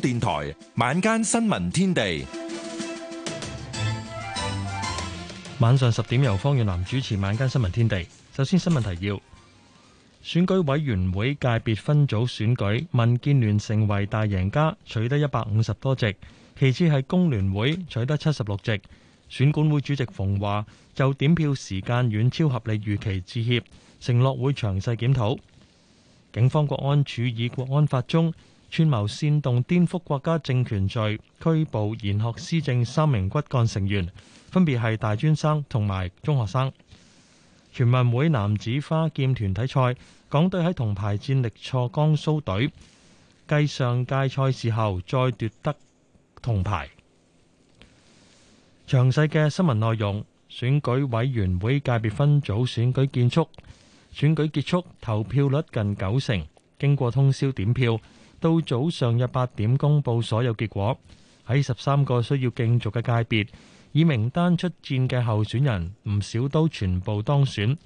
電台晚間新聞天地，晚上十點由方遠南主持晚間新聞天地。首先新聞提要：選舉委員會界別分組選舉，民建聯成為大贏家，取得一百五十多席；其次係工聯會取得七十六席。選管會主席馮華就點票時間遠超合理預期致歉，承諾會詳細檢討。警方國安處以國安法中串謀煽動顛覆國家政權罪，拘捕賢學思政三名骨幹成員，分別係大專生同埋中學生。全運會男子花劍團體賽，港隊喺銅牌戰力挫江蘇隊，繼上屆賽事後再奪得銅牌。詳細嘅新聞內容，選舉委員會界別分組選舉結束，選舉結束，投票率近九成，經過通宵點票。到早上約八點公佈所有結果，喺十三個需要競逐嘅界別，以名單出戰嘅候選人唔少都全部當選。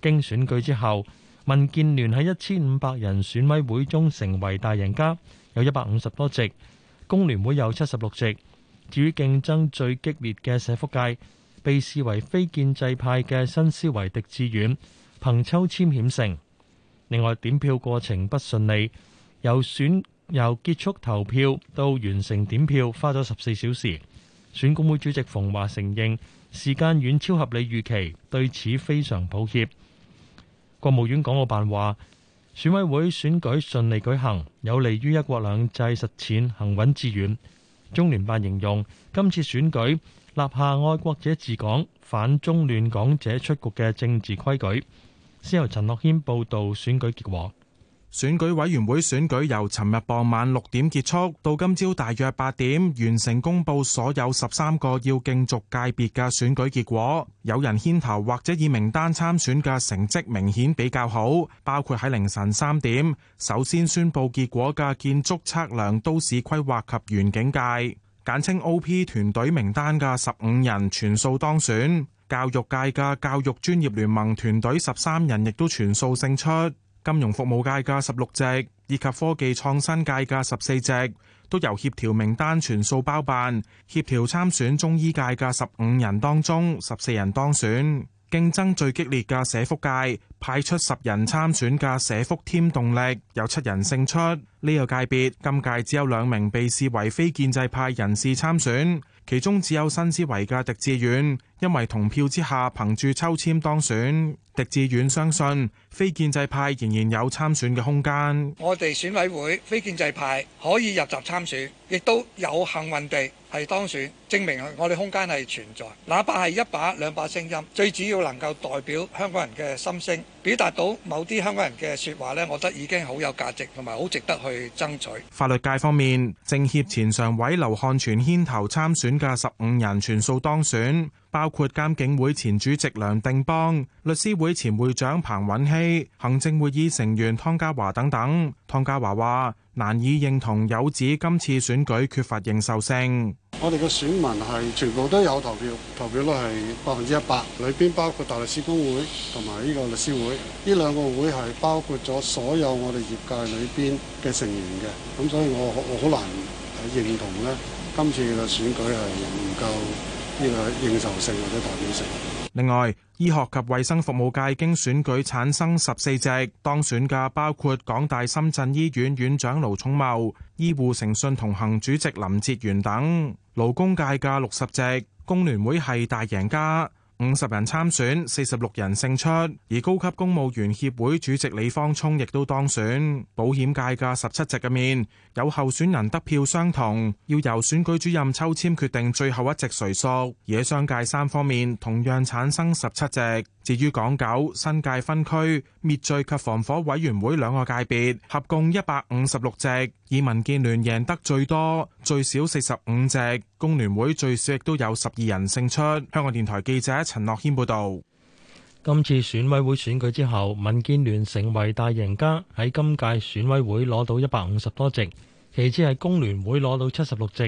經選舉之後，民建聯喺一千五百人選委會中成為大贏家，有一百五十多席；工聯會有七十六席。至於競爭最激烈嘅社福界，被視為非建制派嘅新思維狄志遠憑抽籤險勝。另外，點票過程不順利。由選由結束投票到完成點票，花咗十四小時。選管會主席馮驊承認時間遠超合理預期，對此非常抱歉。國務院港澳辦話選委會選舉順利舉行，有利於一國兩制實踐行穩致遠。中聯辦形容今次選舉立下愛國者治港、反中亂港者出局嘅政治規矩。先由陳樂謙報導選舉結果。選舉委員會選舉由尋日傍晚六點結束，到今朝大約八點完成公布所有十三個要競逐界別嘅選舉結果。有人牽頭或者以名單參選嘅成績明顯比較好，包括喺凌晨三點首先宣布結果嘅建築測量、都市規劃及園景界（簡稱 OP） 團隊名單嘅十五人全數當選。教育界嘅教育專業聯盟團隊十三人亦都全數勝出。金融服務界嘅十六席以及科技創新界嘅十四席，都由協調名單全數包辦。協調參選中醫界嘅十五人當中，十四人當選。競爭最激烈嘅社福界派出十人參選嘅社福添動力，有七人勝出。呢個界別今屆只有兩名被視為非建制派人士參選，其中只有新思維嘅狄志遠，因為同票之下憑住抽簽當選。狄志遠相信，非建制派仍然有參選嘅空間。我哋選委會，非建制派可以入閘參選，亦都有幸運地。係當選，證明我哋空間係存在。哪怕係一把兩把聲音，最主要能夠代表香港人嘅心聲，表達到某啲香港人嘅説話呢，我覺得已經好有價值，同埋好值得去爭取。法律界方面，政協前常委劉漢全牽頭參選嘅十五人全數當選，包括監警會前主席梁定邦、律師會前會長彭韻僖、行政會議成員湯家驊等等。湯家驊話。難以認同有指今次選舉缺乏認受性。我哋嘅選民係全部都有投票，投票率係百分之一百，裏邊包括大律師公會同埋呢個律師會，呢兩個會係包括咗所有我哋業界裏邊嘅成員嘅。咁所以我我好難認同呢，今次嘅選舉係唔夠呢個認受性或者代表性。另外，醫學及衛生服務界經選舉產生十四席，當選嘅包括港大深圳醫院院長盧寵茂、醫護誠信同行主席林哲玄等。勞工界嘅六十席，工聯會係大贏家。五十人參選，四十六人勝出，而高級公務員協會主席李方聰亦都當選。保險界嘅十七席嘅面，有候選人得票相同，要由選舉主任抽籤決定最後一席誰屬。而商界三方面同樣產生十七席。至於港九新界分區滅罪及防火委員會兩個界別合共一百五十六席，以民建聯贏得最多，最少四十五席；工聯會最少亦都有十二人勝出。香港電台記者陳樂謙報道。今次選委會選舉之後，民建聯成為大贏家，喺今屆選委會攞到一百五十多席，其次係工聯會攞到七十六席。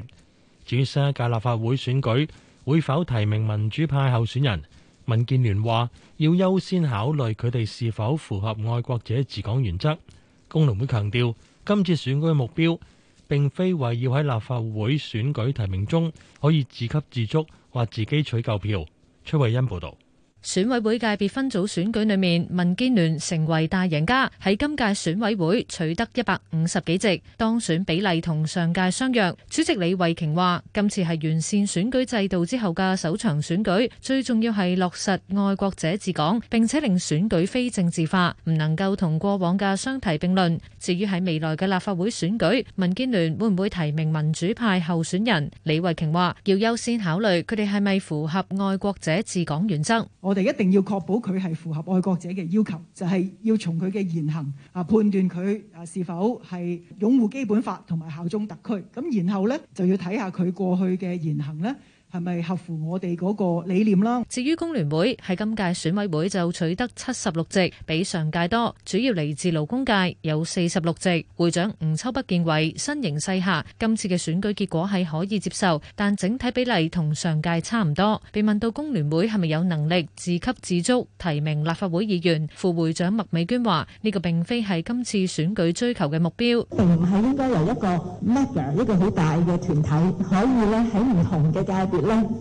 至於新一屆立法會選舉會否提名民主派候選人？民建聯話要優先考慮佢哋是否符合愛國者治港原則。工農會強調，今次選舉目標並非話要喺立法會選舉提名中可以自給自足或自己取夠票。崔慧欣報道。選委會界別分組選舉裏面，民建聯成為大贏家，喺今屆選委會取得一百五十幾席，當選比例同上屆相若。主席李慧瓊話：今次係完善選舉制度之後嘅首場選舉，最重要係落實愛國者治港，並且令選舉非政治化，唔能夠同過往嘅相提並論。至於喺未來嘅立法會選舉，民建聯會唔會提名民主派候選人？李慧瓊話：要優先考慮佢哋係咪符合愛國者治港原則。我哋一定要確保佢係符合愛國者嘅要求，就係要從佢嘅言行啊判斷佢啊是否係擁護基本法同埋效忠特區。咁然後咧就要睇下佢過去嘅言行咧。係咪合乎我哋嗰個理念啦？至於工聯會，喺今屆選委會就取得七十六席，比上屆多，主要嚟自勞工界有四十六席。會長吳秋北認為，新形勢下今次嘅選舉結果係可以接受，但整體比例同上屆差唔多。被問到工聯會係咪有能力自給自足提名立法會議員，副會長麥美娟話：呢個並非係今次選舉追求嘅目標，並唔係應該由一個 mega 一個好大嘅團體可以咧喺唔同嘅界別。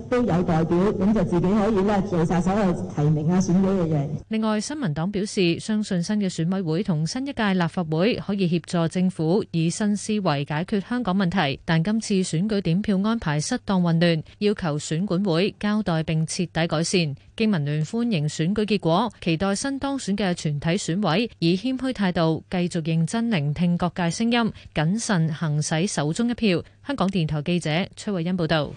都有代表，咁就自己可以咧做晒所有提名啊、選舉嘅嘢。另外，新民黨表示相信新嘅選委會同新一屆立法會可以協助政府以新思維解決香港問題。但今次選舉點票安排失當混亂，要求選管會交代並徹底改善。經民聯歡迎選舉結果，期待新當選嘅全體選委以謙虛態度繼續認真聆聽各界聲音，謹慎行使手中一票。香港電台記者崔慧欣報道。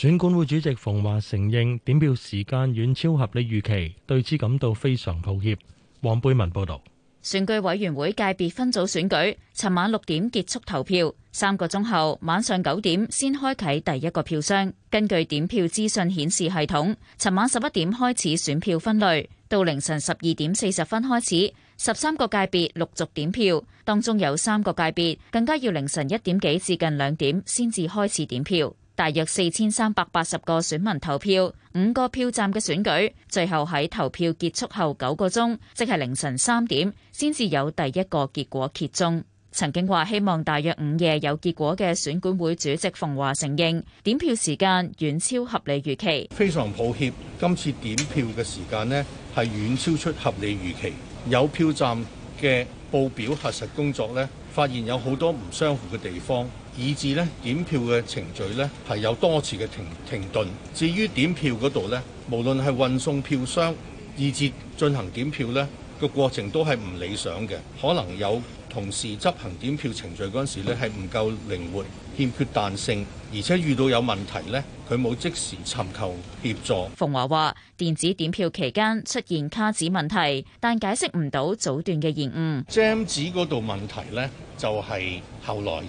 選管會主席馮華承認點票時間遠超合理預期，對此感到非常抱歉。黃貝文報道，選舉委員會界別分組選舉，尋晚六點結束投票，三個鐘後晚上九點先開啟第一個票箱。根據點票資訊顯示系統，尋晚十一點開始選票分類，到凌晨十二點四十分開始，十三個界別陸續點票，當中有三個界別更加要凌晨一點幾至近兩點先至開始點票。大約四千三百八十個選民投票，五個票站嘅選舉，最後喺投票結束後九個鐘，即係凌晨三點，先至有第一個結果揭盅。曾經話：希望大約午夜有結果嘅選管會主席馮華承認點票時間遠超合理預期。非常抱歉，今次點票嘅時間呢係遠超出合理預期。有票站嘅報表核實工作呢，發現有好多唔相符嘅地方。以至咧點票嘅程序咧係有多次嘅停停頓。至於點票嗰度咧，無論係運送票箱，以至進行點票咧，個過程都係唔理想嘅，可能有同時執行點票程序嗰陣時咧係唔夠靈活，欠缺彈性，而且遇到有問題咧，佢冇即時尋求協助。馮華話：電子點票期間出現卡紙問題，但解釋唔到早段嘅疑問。j a 嗰度問題咧，就係後來誒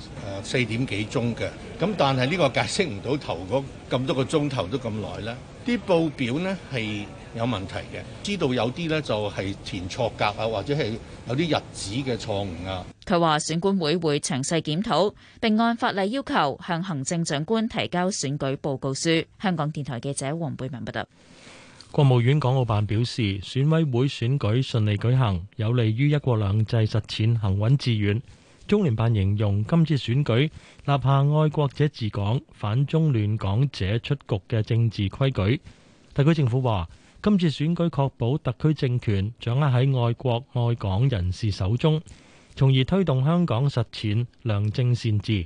四點幾鍾嘅，咁但係呢個解釋唔到頭咁多個鐘頭都咁耐啦。啲報表呢係。有問題嘅，知道有啲呢就係填錯格啊，或者係有啲日子嘅錯誤啊。佢話選管會會詳細檢討，並按法例要求向行政長官提交選舉報告書。香港電台記者黃貝文報道。國務院港澳辦表示，選委會選舉順利舉行，有利於一國兩制實踐行穩致遠。中聯辦形容今次選舉立下愛國者治港、反中亂港者出局嘅政治規矩。特區政府話，今次選舉確保特區政權掌握喺愛國愛港人士手中，從而推動香港實踐良政善治。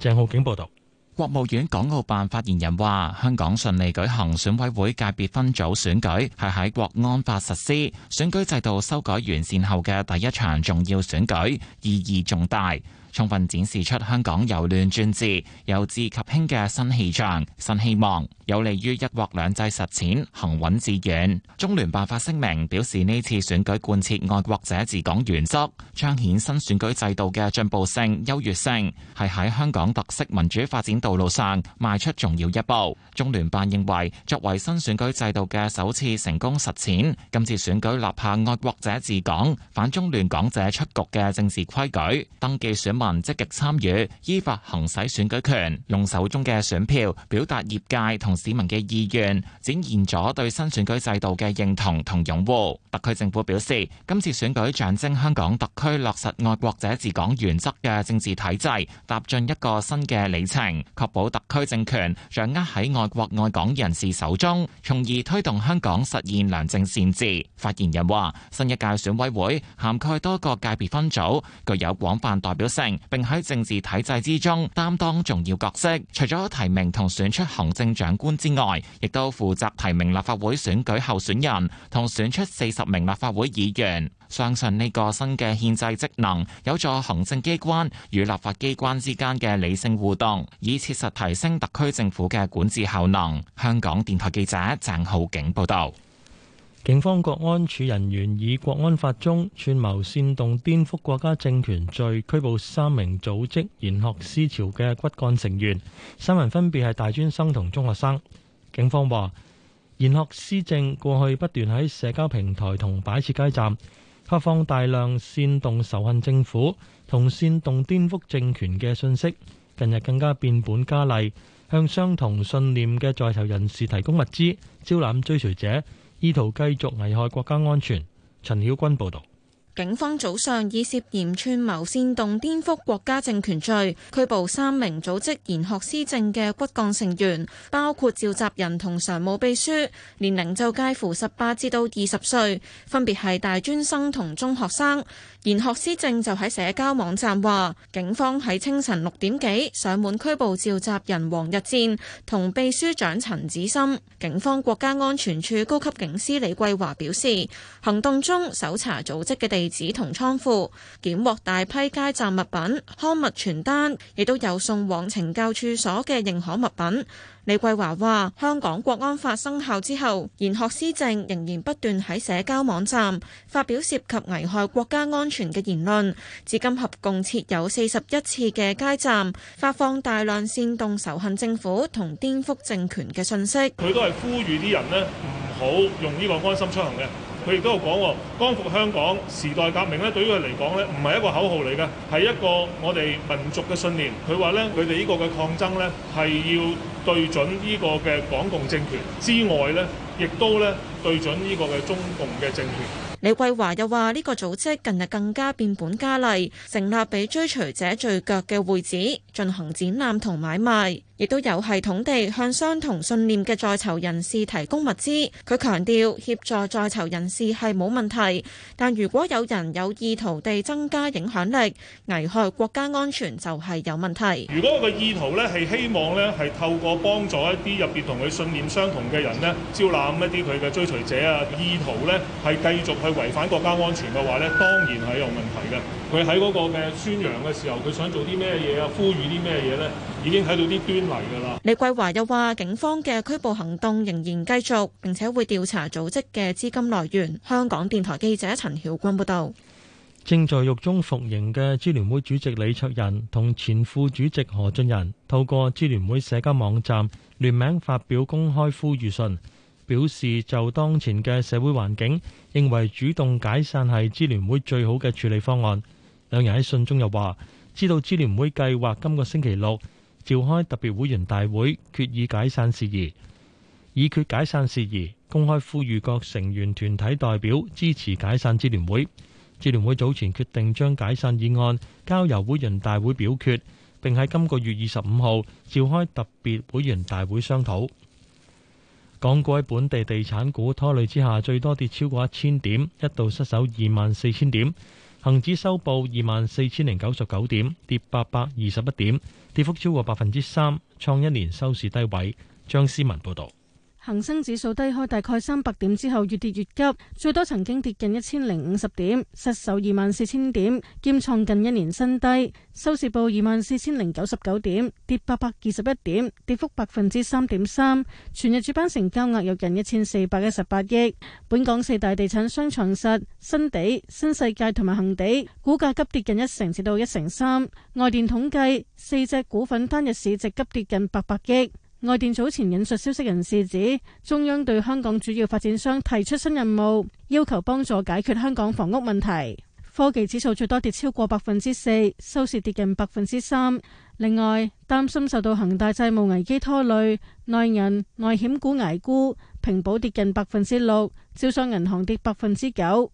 鄭浩景報道，國務院港澳辦發言人話：香港順利舉行選委會界別分組選舉，係喺國安法實施、選舉制度修改完善後嘅第一場重要選舉，意義重大，充分展示出香港由亂轉治、由治及興嘅新氣象、新希望。有利於一國兩制實踐行穩致遠。中聯辦發聲明表示，呢次選舉貫徹愛國者治港原則，彰顯新選舉制度嘅進步性、優越性，係喺香港特色民主發展道路上邁出重要一步。中聯辦認為，作為新選舉制度嘅首次成功實踐，今次選舉立下愛國者治港、反中亂港者出局嘅政治規矩，登記選民積極參與，依法行使選舉權，用手中嘅選票表達業界同市民嘅意願，展現咗對新選舉制度嘅認同同擁護。特區政府表示，今次選舉象徵香港特區落實愛國者治港原則嘅政治體制，踏進一個新嘅里程，確保特區政權掌握喺愛國愛港人士手中，從而推動香港實現良政善治。發言人話，新一屆選委會涵蓋多個界別分組，具有廣泛代表性，並喺政治體制之中擔當重要角色。除咗提名同選出行政長官，官之外，亦都負責提名立法會選舉候選人，同選出四十名立法會議員，相信呢個新嘅憲制職能有助行政機關與立法機關之間嘅理性互動，以切實提升特區政府嘅管治效能。香港電台記者鄭浩景報道。警方國安處人員以國安法中串謀煽動顛覆國家政權罪拘捕三名組織賢學思政嘅骨幹成員，三人分別係大專生同中學生。警方話，賢學思政過去不斷喺社交平台同擺設街站，發放大量煽動仇恨政府同煽動顛覆政權嘅信息。近日更加變本加厲，向相同信念嘅在囚人士提供物資，招攬追隨者。意圖繼續危害國家安全。陳曉君報道。警方早上以涉嫌串謀煽動顛覆國家政權罪拘捕三名組織賢學思政嘅骨幹成員，包括召集人同常務秘書，年齡就介乎十八至到二十歲，分別係大專生同中學生。賢學思政就喺社交網站話，警方喺清晨六點幾上門拘捕召、召集人王逸戰同秘書長陳枳森。警方國家安全處高級警司李桂華表示，行動中搜查組織嘅地。地址同倉庫，檢獲大批街站物品、刊物、傳單，亦都有送往懲教處所嘅認可物品。李桂華話，香港國安法生效之後，賢學思政仍然不斷喺社交網站發表涉及危害國家安全嘅言論。至今合共設有四十一次嘅街站，發放大量煽動仇恨政府同顛覆政權嘅信息。佢都係呼籲啲人呢唔好用呢個安心出行嘅。佢亦都有講喎，光復香港時代革命咧，對於佢嚟講咧，唔係一個口號嚟嘅，係一個我哋民族嘅信念。佢話咧，佢哋呢個嘅抗爭咧，係要對準呢個嘅港共政權之外咧，亦都咧對準呢個嘅中共嘅政權。李桂華又話：呢個組織近日更加變本加厲，成立俾追隨者聚腳嘅會址，進行展覽同買賣。亦都有系統地向相同信念嘅在囚人士提供物資。佢強調協助在囚人士係冇問題，但如果有人有意圖地增加影響力，危害國家安全，就係有問題。如果個意圖咧係希望咧係透過幫助一啲入邊同佢信念相同嘅人咧招攬一啲佢嘅追隨者啊，意圖咧係繼續去違反國家安全嘅話咧，當然係有問題嘅。佢喺嗰個嘅宣揚嘅時候，佢想做啲咩嘢啊？呼籲啲咩嘢咧？已經睇到啲端。李桂華又話，警方嘅拘捕行動仍然繼續，並且會調查組織嘅資金來源。香港電台記者陳曉君報道，正在獄中服刑嘅支聯會主席李卓人同前副主席何俊仁透過支聯會社交網站聯名發表公開呼籲信，表示就當前嘅社會環境，認為主動解散係支聯會最好嘅處理方案。兩人喺信中又話，知道支聯會計劃今個星期六。召開特別會員大會決議解散事宜，以決解散事宜。公開呼籲各成員團體代表支持解散支聯會。支聯會早前決定將解散議案交由會員大會表決，並喺今個月二十五號召開特別會員大會商討。港股喺本地地產股拖累之下，最多跌超過一千點，一度失守二萬四千點。恒指收報二萬四千零九十九點，跌八百二十一點，跌幅超過百分之三，創一年收市低位。張思文報道。恒生指數低開大概三百點之後越跌越急，最多曾經跌近一千零五十點，失守二萬四千點，兼創近一年新低，收市報二萬四千零九十九點，跌八百二十一點，跌幅百分之三點三。全日主板成交額約近一千四百一十八億。本港四大地產商長實、新地、新世界同埋恒地股價急跌近一成至到一成三。外電統計，四隻股份單日市值急跌近八百億。外電早前引述消息人士指，中央對香港主要發展商提出新任務，要求幫助解決香港房屋問題。科技指數最多跌超過百分之四，收市跌近百分之三。另外，擔心受到恒大債務危機拖累，內銀、外險股捱沽，平保跌近百分之六，招商銀行跌百分之九。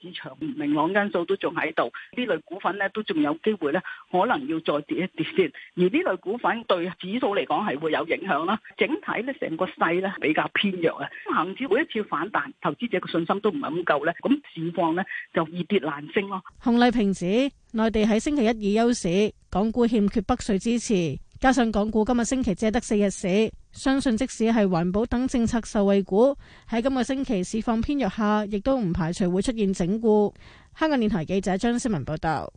市場唔明朗因素都仲喺度，呢類股份呢，都仲有機會呢，可能要再跌一跌先。而呢類股份對指數嚟講係會有影響啦。整體呢，成個勢呢，比較偏弱啊。恒指每一次反彈，投資者嘅信心都唔係咁夠呢。咁市況呢，就易跌難升咯。洪麗平指內地喺星期一以休市，港股欠缺北水支持。加上港股今個星期借得四日市，相信即使係環保等政策受惠股喺今個星期市況偏弱下，亦都唔排除會出現整固。香港電台記者張思文報道。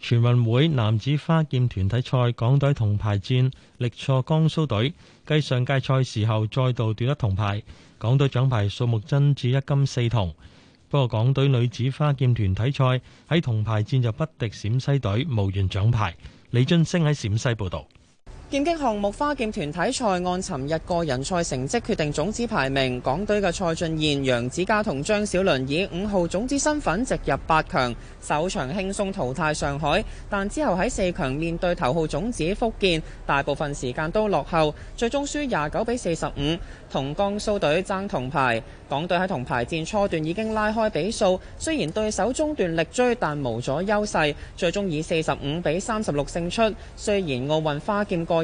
全運會男子花劍團體賽，港隊銅牌戰力挫江蘇隊，繼上屆賽事後再度奪得銅牌。港隊獎牌數目增至一金四銅。不過，港隊女子花劍團體賽喺銅牌戰就不敵陝西隊，無緣獎牌。李俊升喺陝西報導。劍擊項目花劍團體賽按尋日個人賽成績決定種子排名，港隊嘅蔡俊彥、楊子嘉同張小倫以五號種子身份直入八強，首場輕鬆淘汰上海，但之後喺四強面對頭號種子福建，大部分時間都落後，最終輸廿九比四十五，同江蘇隊爭銅牌。港隊喺銅牌戰初段已經拉開比數，雖然對手中段力追，但無咗優勢，最終以四十五比三十六勝出。雖然奧運花劍個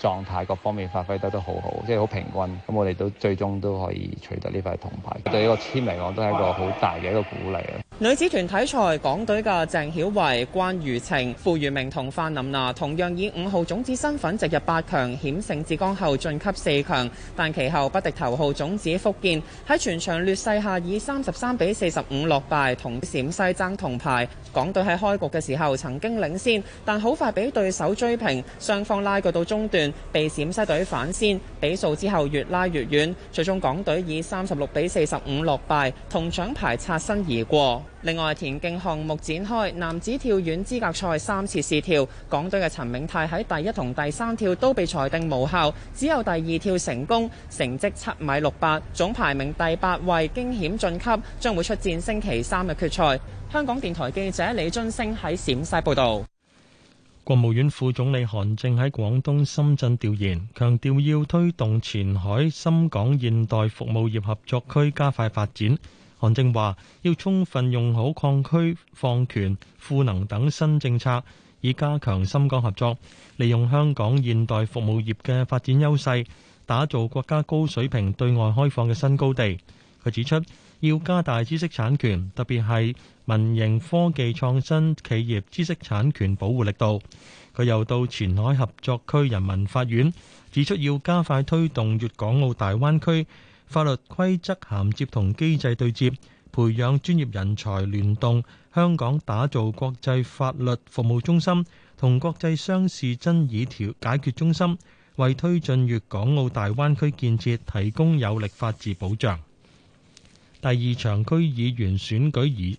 狀態各方面發揮得都好好，即係好平均。咁我哋都最終都可以取得呢塊銅牌，對呢個簽嚟講都係一個好大嘅一個鼓勵。女子團體賽港隊嘅鄭曉慧、關如晴、傅如明同范琳娜，同樣以五號種子身份直入八強險勝浙江後晉級四強，但其後不敵頭號種子福建，喺全場劣勢下以三十三比四十五落敗，同陝西爭銅牌。港隊喺開局嘅時候曾經領先，但好快俾對手追平，雙方拉鋸到中被陝西隊反先，比數之後越拉越遠，最終港隊以三十六比四十五落敗，同獎牌擦身而過。另外，田徑項目展開，男子跳遠資格賽，三次試跳，港隊嘅陳銘泰喺第一同第三跳都被裁定無效，只有第二跳成功，成績七米六八，總排名第八位，驚險晉級，將會出戰星期三嘅決賽。香港電台記者李津星喺陝西報道。國務院副總理韓正喺廣東深圳調研，強調要推動前海深港現代服務業合作區加快發展。韓正話：要充分用好擴區、放權、賦能等新政策，以加強深港合作，利用香港現代服務業嘅發展優勢，打造國家高水平對外開放嘅新高地。佢指出，要加大知識產權，特別係。民營科技創新企業知識產權保護力度。佢又到前海合作區人民法院指出，要加快推動粵港澳大灣區法律規則銜接同機制對接，培養專業人才，聯動香港打造國際法律服務中心同國際商事爭議解決中心，為推進粵港澳大灣區建設提供有力法治保障。第二場區議員選舉已。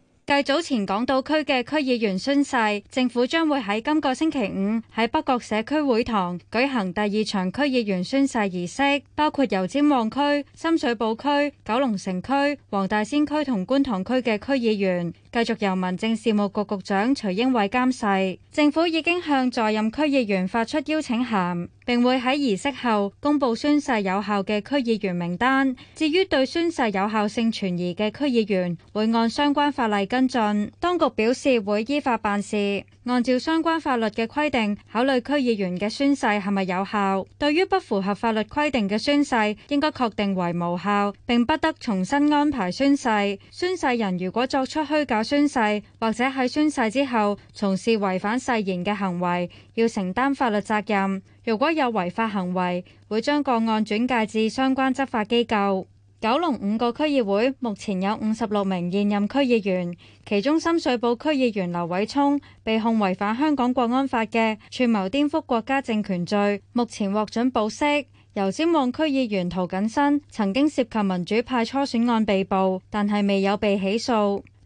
繼早前港島區嘅區議員宣誓，政府將會喺今個星期五喺北角社區會堂舉行第二場區議員宣誓儀式，包括油尖旺區、深水埗區、九龍城區、黃大仙區同觀塘區嘅區議員。繼續由民政事務局局長徐英偉監誓，政府已經向在任區議員發出邀請函，並會喺儀式後公布宣誓有效嘅區議員名單。至於對宣誓有效性存疑嘅區議員，會按相關法例跟進。當局表示會依法辦事，按照相關法律嘅規定考慮區議員嘅宣誓係咪有效。對於不符合法律規定嘅宣誓，應該確定為無效，並不得重新安排宣誓。宣誓人如果作出虛假，宣誓或者喺宣誓之後從事違反誓言嘅行為，要承擔法律責任。如果有違法行為，會將個案轉介至相關執法機構。九龍五個區議會目前有五十六名現任區議員，其中深水埗區議員劉偉聰被控違反香港國安法嘅串謀顛覆國家政權罪，目前獲准保釋。由尖旺區議員涂謹申曾經涉及民主派初選案被捕，但係未有被起訴。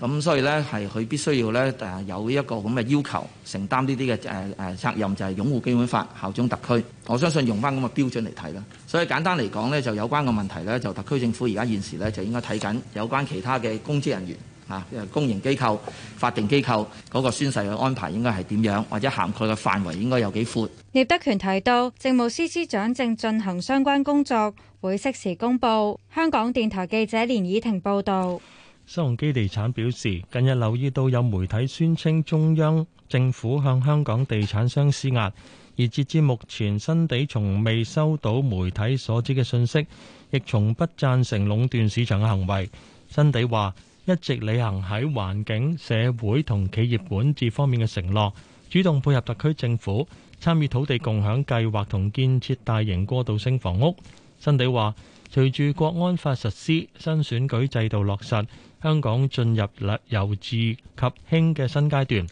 咁所以呢，係佢必須要呢，誒有一個咁嘅要求，承擔呢啲嘅誒誒責任，就係擁護基本法、效忠特區。我相信用翻咁嘅標準嚟睇啦。所以簡單嚟講呢就有關嘅問題呢就特區政府而家現時呢，就應該睇緊有關其他嘅公職人員啊、公營機構、法定機構嗰個宣誓嘅安排應該係點樣，或者涵蓋嘅範圍應該有幾闊。聶德權提到，政務司司長正進行相關工作，會適時公佈。香港電台記者連以婷報導。新鴻基地產表示，近日留意到有媒體宣稱中央政府向香港地產商施壓，而截至目前，新地從未收到媒體所指嘅信息，亦從不贊成壟斷市場嘅行為。新地話一直履行喺環境、社會同企業管治方面嘅承諾，主動配合特區政府參與土地共享計劃同建設大型過渡性房屋。新地話，隨住國安法實施、新選舉制度落實。香港進入由治及興嘅新階段，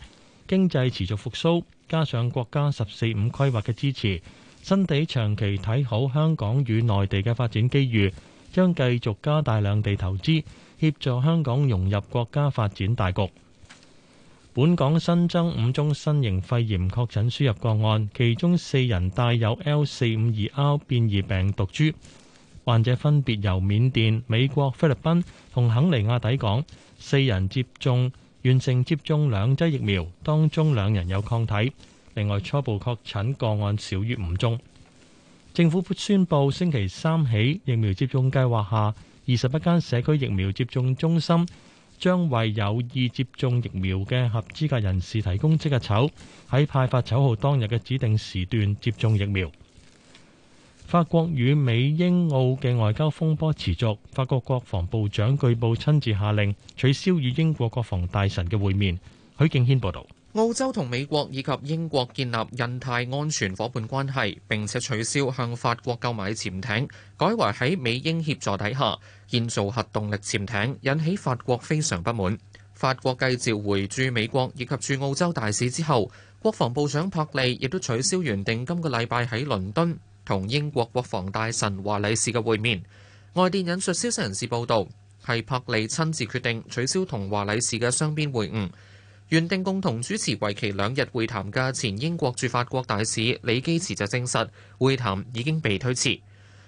經濟持續復甦，加上國家「十四五」規劃嘅支持，新地長期睇好香港與內地嘅發展機遇，將繼續加大兩地投資，協助香港融入國家發展大局。本港新增五宗新型肺炎確診輸入個案，其中四人帶有 L 四五二 R 變異病毒株。患者分別由緬甸、美國、菲律賓同肯尼亞抵港，四人接種完成接種兩劑疫苗，當中兩人有抗體。另外初步確診個案少於五宗。政府宣布星期三起疫苗接種計劃下，二十一間社區疫苗接種中心將為有意接種疫苗嘅合資格人士提供即日籌，喺派發籌號當日嘅指定時段接種疫苗。法國與美英澳嘅外交風波持續。法國國防部長據報親自下令取消與英國國防大臣嘅會面。許敬軒報道：澳洲同美國以及英國建立印太安全伙伴關係，並且取消向法國購買潛艇，改為喺美英協助底下建造核動力潛艇，引起法國非常不滿。法國繼召回駐美國以及駐澳洲大使之後，國防部長柏利亦都取消原定今個禮拜喺倫敦。同英國國防大臣華禮士嘅會面，外電引述消息人士報道，係柏利親自決定取消同華禮士嘅雙邊會晤。原定共同主持為期兩日會談嘅前英國駐法國大使李基慈就證實，會談已經被推遲。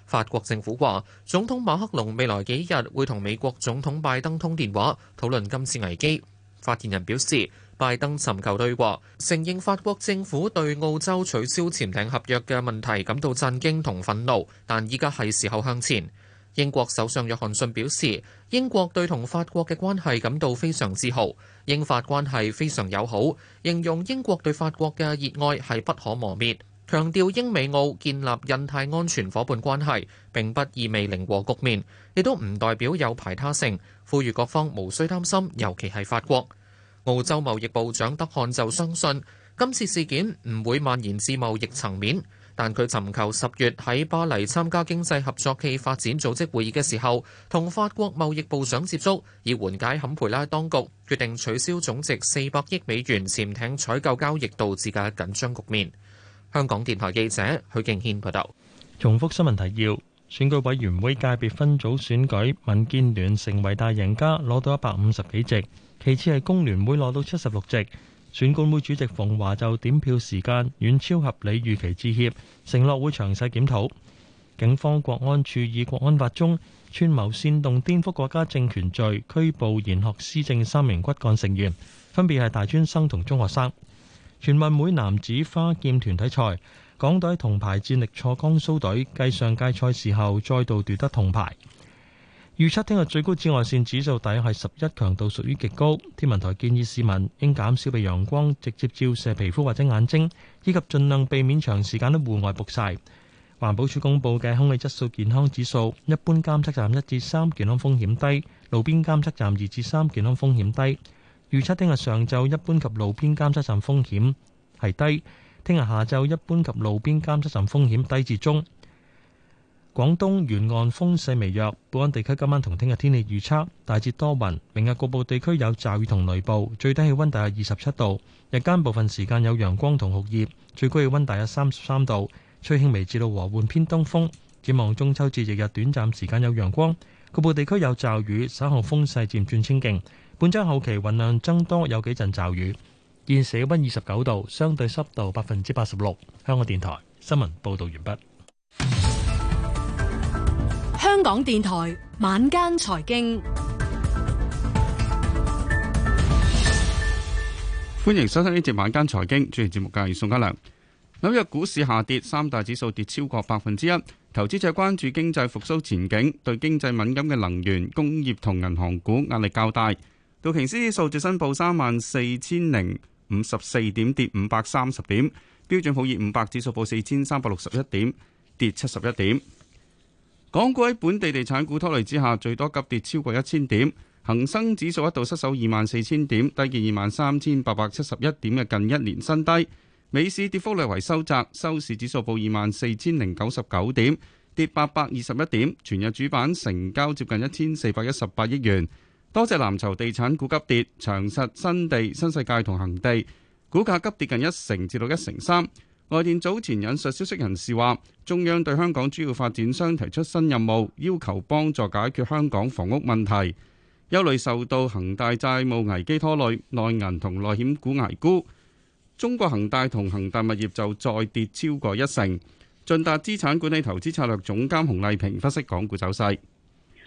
法國政府話，總統馬克龍未來幾日會同美國總統拜登通電話，討論今次危機。發言人表示。拜登尋求對話，承認法國政府對澳洲取消潛艇合約嘅問題感到震驚同憤怒，但依家係時候向前。英國首相約翰遜表示，英國對同法國嘅關係感到非常自豪，英法關係非常友好，形容英國對法國嘅熱愛係不可磨滅，強調英美澳建立印太安全夥伴關係並不意味零和局面，亦都唔代表有排他性，呼籲各方無需擔心，尤其係法國。澳洲貿易部長德漢就相信，今次事件唔會蔓延至貿易層面。但佢尋求十月喺巴黎參加經濟合作暨發展組織會議嘅時候，同法國貿易部長接觸，以緩解坎培拉當局決定取消總值四百億美元潛艇採購交易導致嘅緊張局面。香港電台記者許敬軒報道。重複新聞提要：選舉委員會界別分組選舉，民建聯成為大贏家，攞到一百五十幾席。其次係工聯會攞到七十六席，選管會主席馮驊就點票時間遠超合理預期致歉，承諾會詳細檢討。警方國安處以國安法中串謀煽動顛覆國家政權罪拘捕賢學思政三名骨幹成員，分別係大專生同中學生。全運會男子花劍團體賽，港隊銅牌戰力挫江蘇隊，繼上屆賽事後再度奪得銅牌。預測聽日最高紫外線指數大約係十一，強度屬於極高。天文台建議市民應減少被陽光直接照射皮膚或者眼睛，以及盡量避免長時間的戶外曝晒。環保署公布嘅空氣質素健康指數，一般監測站一至三健康風險低，路邊監測站二至三健康風險低。預測聽日上晝一般及路邊監測站風險係低，聽日下晝一般及路邊監測站風險低至中。廣東沿岸風勢微弱，本港地區今晚同聽日天氣預測大致多雲，明日局部地區有驟雨同雷暴，最低氣溫大約二十七度，日間部分時間有陽光同酷熱，最高氣溫大約三十三度，吹輕微至到和緩偏東風。展望中秋節翌日短暫時間有陽光，局部地區有驟雨，稍後風勢漸轉清勁。本週後期雲量增多，有幾陣驟雨。現時氣溫二十九度，相對濕度百分之八十六。香港電台新聞報導完畢。香港電台晚間財經，歡迎收聽呢節晚間財經，主持節目嘅係宋家良。紐約股市下跌，三大指數跌超過百分之一，投資者關注經濟復甦前景，對經濟敏感嘅能源、工業同銀行股壓力較大。道瓊斯指數最新報三萬四千零五十四點，跌五百三十點；標準普爾五百指數報四千三百六十一點，跌七十一點。港股喺本地地產股拖累之下，最多急跌超過一千點。恒生指數一度失守二萬四千點，低見二萬三千八百七十一點嘅近一年新低。尾市跌幅略為收窄，收市指數報二萬四千零九十九點，跌八百二十一點。全日主板成交接近一千四百一十八億元。多隻藍籌地產股急跌，長實、新地、新世界同恒地股價急跌近一成至到一成三。外電早前引述消息人士話，中央對香港主要發展商提出新任務，要求幫助解決香港房屋問題。憂慮受到恒大債務危機拖累，內銀同內險股挨沽。中國恒大同恒大物業就再跌超過一成。晉達資產管理投資策略總監洪麗萍分析港股走勢。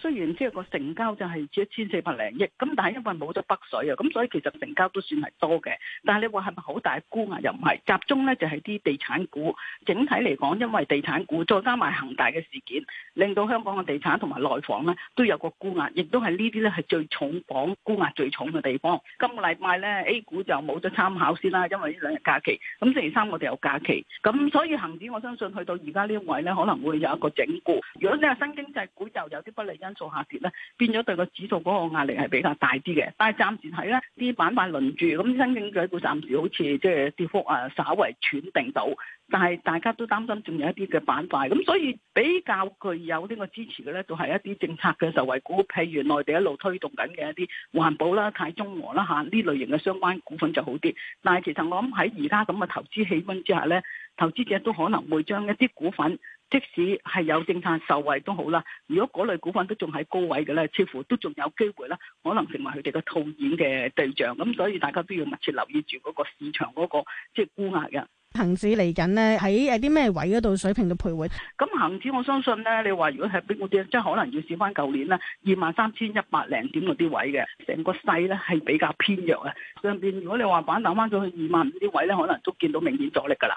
雖然即係個成交就係至一千四百零億，咁但係因為冇咗北水啊，咁所以其實成交都算係多嘅。但係你話係咪好大沽壓又唔係，集中呢，就係啲地產股。整體嚟講，因為地產股再加埋恒大嘅事件，令到香港嘅地產同埋內房呢都有個沽壓，亦都係呢啲咧係最重磅沽壓最重嘅地方。今個禮拜呢 A 股就冇咗參考先啦，因為呢兩日假期。咁星期三我哋有假期，咁所以恒指我相信去到而家呢位呢可能會有一個整固。如果你話新經濟股，就有啲不利因。做下跌咧，變咗對個指數嗰個壓力係比較大啲嘅。但係暫時睇咧，啲板塊輪住，咁新經濟股暫時好似即係跌幅啊，稍為喘定到。但係大家都擔心仲有一啲嘅板塊，咁所以比較具有呢個支持嘅咧，就係一啲政策嘅受惠股，譬如內地一路推動緊嘅一啲環保啦、碳中和啦吓，呢類型嘅相關股份就好啲。但係其實我諗喺而家咁嘅投資氣氛之下咧，投資者都可能會將一啲股份。即使係有政策受惠都好啦，如果嗰類股份都仲喺高位嘅咧，似乎都仲有機會啦，可能成為佢哋嘅套現嘅對象咁，所以大家都要密切留意住嗰個市場嗰個即係沽壓嘅。恆指嚟緊咧，喺誒啲咩位嗰度水平度徘徊？咁恆指我相信咧，你話如果係比我哋即係可能要試翻舊年啦，二萬三千一百零點嗰啲位嘅，成個勢咧係比較偏弱啊。上邊如果你話反彈翻咗去二萬五啲位咧，可能都見到明顯阻力噶啦。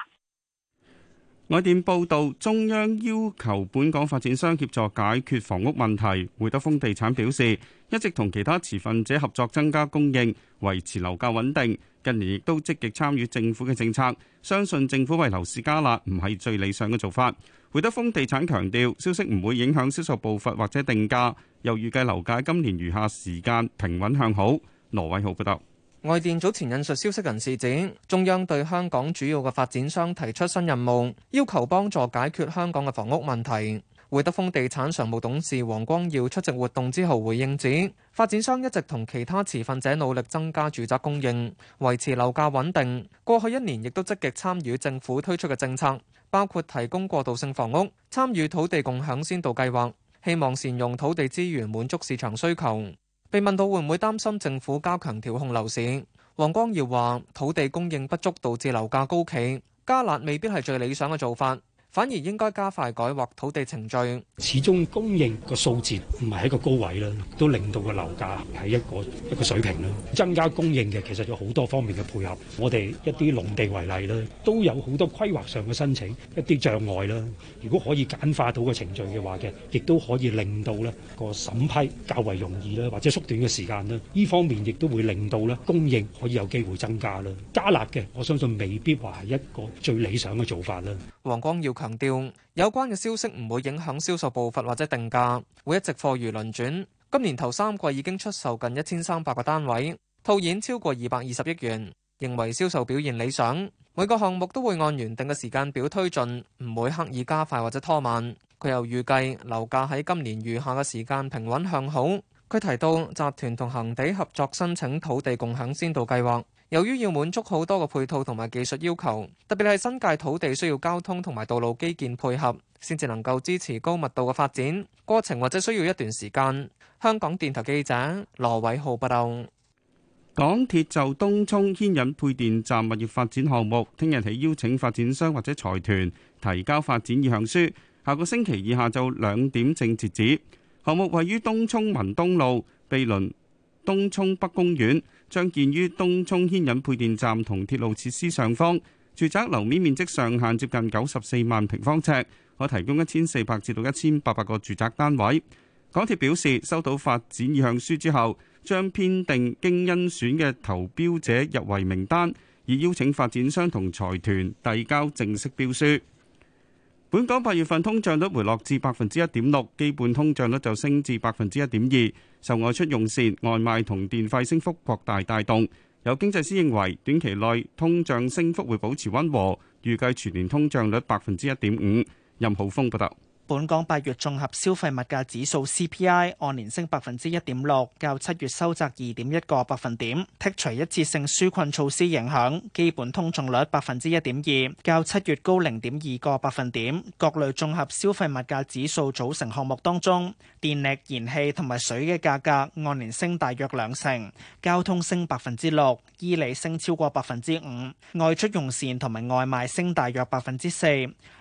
外電報道，中央要求本港發展商協助解決房屋問題。會德豐地產表示，一直同其他持份者合作增加供應，維持樓價穩定。近年亦都積極參與政府嘅政策，相信政府為樓市加辣唔係最理想嘅做法。會德豐地產強調，消息唔會影響銷售步伐或者定價，又預計樓價今年餘下時間平穩向好。羅偉豪報道。外電早前引述消息人士指，中央對香港主要嘅發展商提出新任務，要求幫助解決香港嘅房屋問題。會德豐地產常務董事黃光耀出席活動之後回應指，發展商一直同其他持份者努力增加住宅供應，維持樓價穩定。過去一年亦都積極參與政府推出嘅政策，包括提供過渡性房屋、參與土地共享先導計劃，希望善用土地資源滿足市場需求。被問到會唔會擔心政府加強調控樓市，黃光耀話，土地供應不足導致樓價高企，加辣未必係最理想嘅做法。反而應該加快改劃土地程序，始終供應個數字唔係喺一個高位啦，都令到個樓價係一個一個水平啦。增加供應嘅其實有好多方面嘅配合，我哋一啲農地為例啦，都有好多規劃上嘅申請一啲障礙啦。如果可以簡化到個程序嘅話嘅，亦都可以令到咧個審批較為容易啦，或者縮短嘅時間啦。呢方面亦都會令到咧供應可以有機會增加啦。加辣嘅我相信未必話係一個最理想嘅做法啦。黃光耀強調有關嘅消息唔會影響銷售步伐或者定價，會一直貨如輪轉。今年頭三季已經出售近一千三百個單位，套現超過二百二十億元，認為銷售表現理想。每個項目都會按原定嘅時間表推進，唔會刻意加快或者拖慢。佢又預計樓價喺今年餘下嘅時間平穩向好。佢提到集團同恒地合作申請土地共享先導計劃。由於要滿足好多個配套同埋技術要求，特別係新界土地需要交通同埋道路基建配合，先至能夠支持高密度嘅發展，過程或者需要一段時間。香港電台記者羅偉浩報道。港鐵就東涌牽引配電站物業發展項目，聽日起邀請發展商或者財團提交發展意向書，下個星期二下晝兩點正截止。項目位於東涌文東路，毗鄰東涌北公園。將建於東涌牽引配電站同鐵路設施上方，住宅樓面面積上限接近九十四萬平方尺，可提供一千四百至到一千八百個住宅單位。港鐵表示收到發展意向書之後，將編定經甄選嘅投標者入圍名單，以邀請發展商同財團遞交正式標書。本港八月份通脹率回落至百分之一點六，基本通脹率就升至百分之一點二，受外出用膳、外賣同電費升幅擴大帶動。有經濟師認為，短期內通脹升幅會保持溫和，預計全年通脹率百分之一點五。任浩峰報道。本港八月綜合消費物價指數 CPI 按年升百分之一點六，較七月收窄二點一個百分點。剔除一次性紓困措施影響，基本通脹率百分之一點二，較七月高零點二個百分點。各類綜合消費物價指數組成項目當中，電力、燃氣同埋水嘅價格按年升大約兩成，交通升百分之六。衣履升超過百分之五，外出用膳同埋外賣升大約百分之四，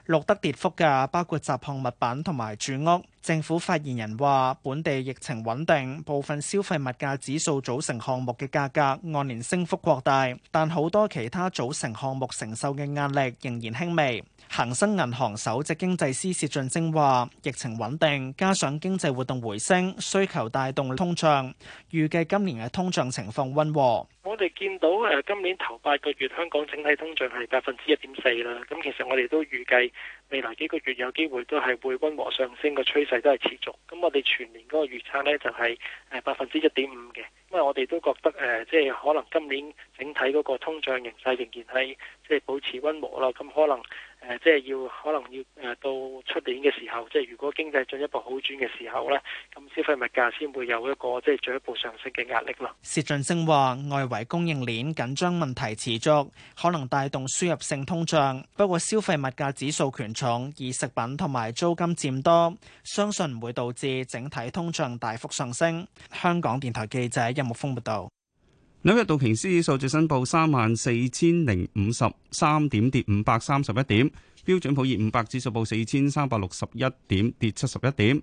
錄得跌幅嘅包括雜項物品同埋住屋。政府發言人話：本地疫情穩定，部分消費物價指數組成項目嘅價格按年升幅擴大，但好多其他組成項目承受嘅壓力仍然輕微。恒生銀行首席經濟師薛俊昇話：疫情穩定，加上經濟活動回升，需求帶動通脹，預計今年嘅通脹情況溫和。我哋見到誒，今年頭八個月香港整體通脹係百分之一點四啦，咁其實我哋都預計。未來幾個月有機會都係會溫和上升嘅趨勢都係持續，咁我哋全年嗰個預測呢就，就係誒百分之一點五嘅，因為我哋都覺得誒即係可能今年整體嗰個通脹形勢仍然係即係保持溫和啦，咁可能。誒，即係要可能要誒到出年嘅時候，即係如果經濟進一步好轉嘅時候咧，咁消費物價先會有一個即係進一步上升嘅壓力咯。薛俊升話外圍供應鏈緊張問題持續，可能帶動輸入性通脹，不過消費物價指數權重以食品同埋租金佔多，相信唔會導致整體通脹大幅上升。香港電台記者任木峯報道。紐約道瓊斯指數最新報三萬四千零五十三點，跌五百三十一點；標準普爾五百指數報四千三百六十一點，跌七十一點；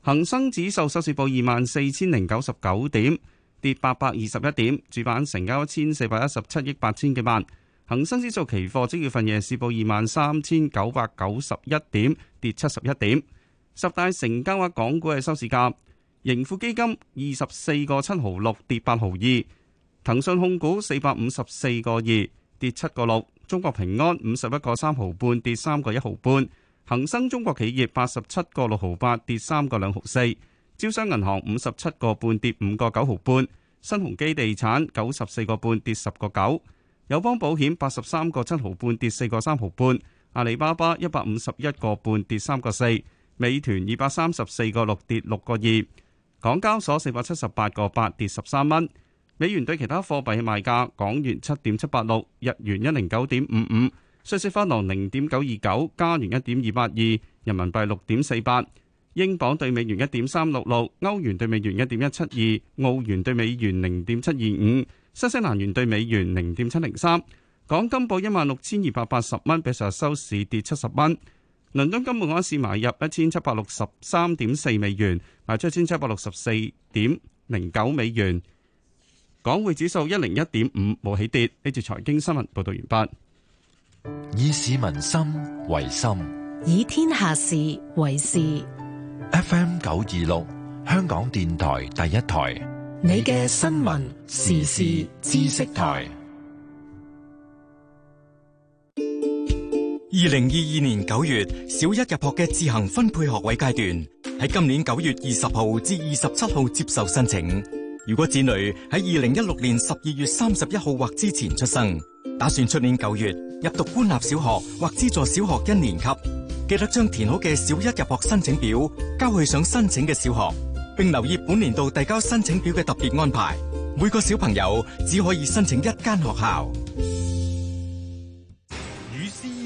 恒生指數收市報二萬四千零九十九點，跌八百二十一點；主板成交一千四百一十七億八千幾萬；恒生指數期貨即月份夜市報二萬三千九百九十一點，跌七十一點；十大成交額港股嘅收市價。盈富基金二十四個七毫六跌八毫二，騰訊控股四百五十四個二跌七個六，中國平安五十一個三毫半跌三個一毫半，恒生中國企業八十七個六毫八跌三個兩毫四，招商銀行五十七個半跌五個九毫半，新鴻基地產九十四個半跌十個九，友邦保險八十三個七毫半跌四個三毫半，阿里巴巴一百五十一個半跌三個四，美團二百三十四個六跌六個二。港交所四百七十八個八跌十三蚊，美元對其他貨幣賣價，港元七點七八六，日元一零九點五五，瑞士法郎零點九二九，加元一點二八二，人民幣六點四八，英鎊對美元一點三六六，歐元對美元一點一七二，澳元對美元零點七二五，新西蘭元對美元零點七零三。港金報一萬六千二百八十蚊，比上日收市跌七十蚊。倫敦金每盎司買入一千七百六十三點四美元，賣出一千七百六十四點零九美元。港匯指數一零一點五冇起跌。呢段財經新聞報道完畢。以市民心為心，以天下事為事。FM 九二六香港電台第一台，你嘅新聞時事知識台。二零二二年九月，小一入學嘅自行分配學位階段，喺今年九月二十號至二十七號接受申請。如果子女喺二零一六年十二月三十一號或之前出生，打算出年九月入讀官立小學或資助小學一年級，記得將填好嘅小一入學申請表交去想申請嘅小學，並留意本年度遞交申請表嘅特別安排。每個小朋友只可以申請一間學校。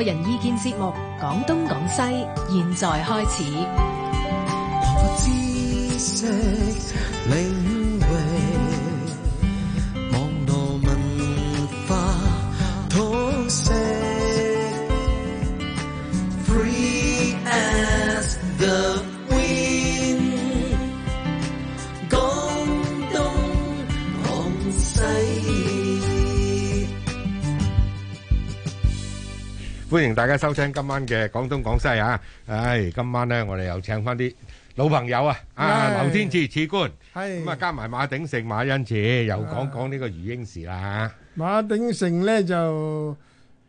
個人意見節目，講東講西，現在開始。 歡迎大家收聽今晚嘅廣東廣西啊！唉，今晚咧我哋又請翻啲老朋友啊！啊，劉天賜辭官，咁啊加埋馬鼎盛、馬恩賜，又講講呢個余英時啦。馬鼎盛咧就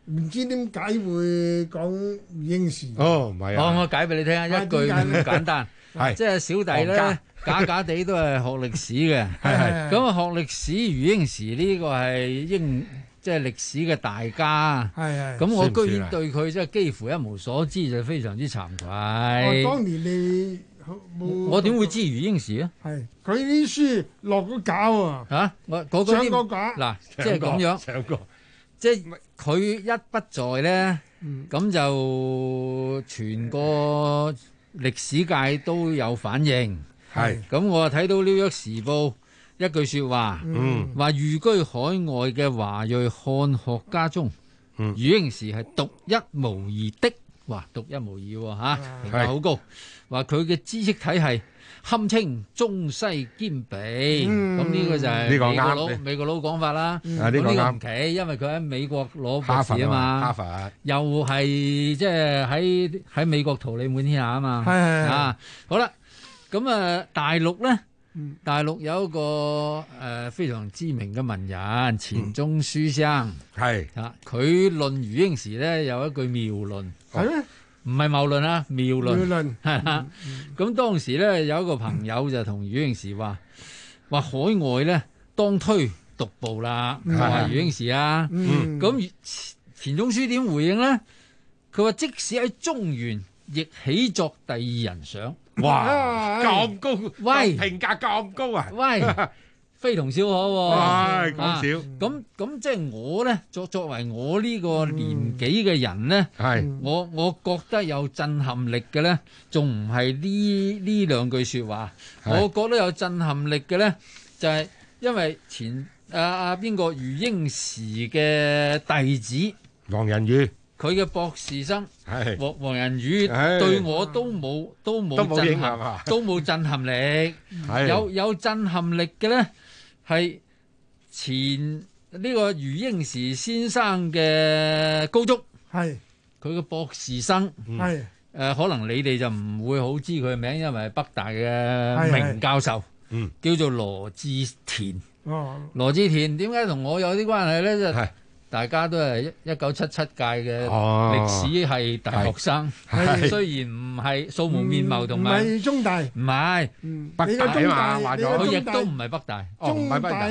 唔知點解會講余英時哦，唔係啊，我我解俾你聽一句簡單，係即係小弟咧假假地都係學歷史嘅，係係咁啊學歷史余英時呢個係英。即係歷史嘅大家，咁是我居然對佢即係幾乎一無所知，是是就非常之慚愧。哦，當年你我點會知余英時啊？係佢啲書落咗搞啊，嚇！嗱，即係咁樣，即係佢一不在咧，咁、嗯、就全個歷史界都有反應。係咁是，我睇到《New York 時報》。一句說話，話寓居海外嘅華裔漢學家中，余英時係獨一無二的，話獨一無二吓，評價好高。話佢嘅知識體系堪稱中西兼備，咁呢個就係美國佬美國佬講法啦。呢個唔奇。因為佢喺美國攞博士啊嘛，又係即係喺喺美國桃李滿天下啊嘛。係係係。好啦，咁啊，大陸咧。大陸有一個誒非常知名嘅文人錢鍾書生，係、嗯、啊，佢論余英時咧有一句妙論，係、哦、咩？唔係謬論啊，妙論係啦。咁當時咧有一個朋友就同余英時話：話海外咧當推獨步啦。話余英時啊，咁錢鍾書點回應呢？佢話即使喺中原，亦起作第二人想。哇！咁、哎、高，喂、啊，評價咁高啊！喂， 非同小可喎、啊！喂、哎，少咁咁，啊、即係我咧作作為我呢個年紀嘅人咧，係、嗯、我我覺得有震撼力嘅咧，仲唔係呢呢兩句説話？我覺得有震撼力嘅咧是，就係、是、因為前阿阿邊個余英時嘅弟子黃仁宇，佢嘅博士生黃黃仁宇對我都冇都冇都冇影響啊，都冇震撼力。有有震撼力嘅咧，係前呢個余英時先生嘅高足，係佢嘅博士生。誒可能你哋就唔會好知佢嘅名，因為北大嘅名教授，叫做羅志田。羅志田點解同我有啲關係咧？就係。大家都係一一九七七屆嘅歷史系大學生，哦、雖然唔係素無面貌同埋，唔係、嗯、有中大，唔係北大啊嘛，佢亦都唔係北大，哦，唔係了北大。哦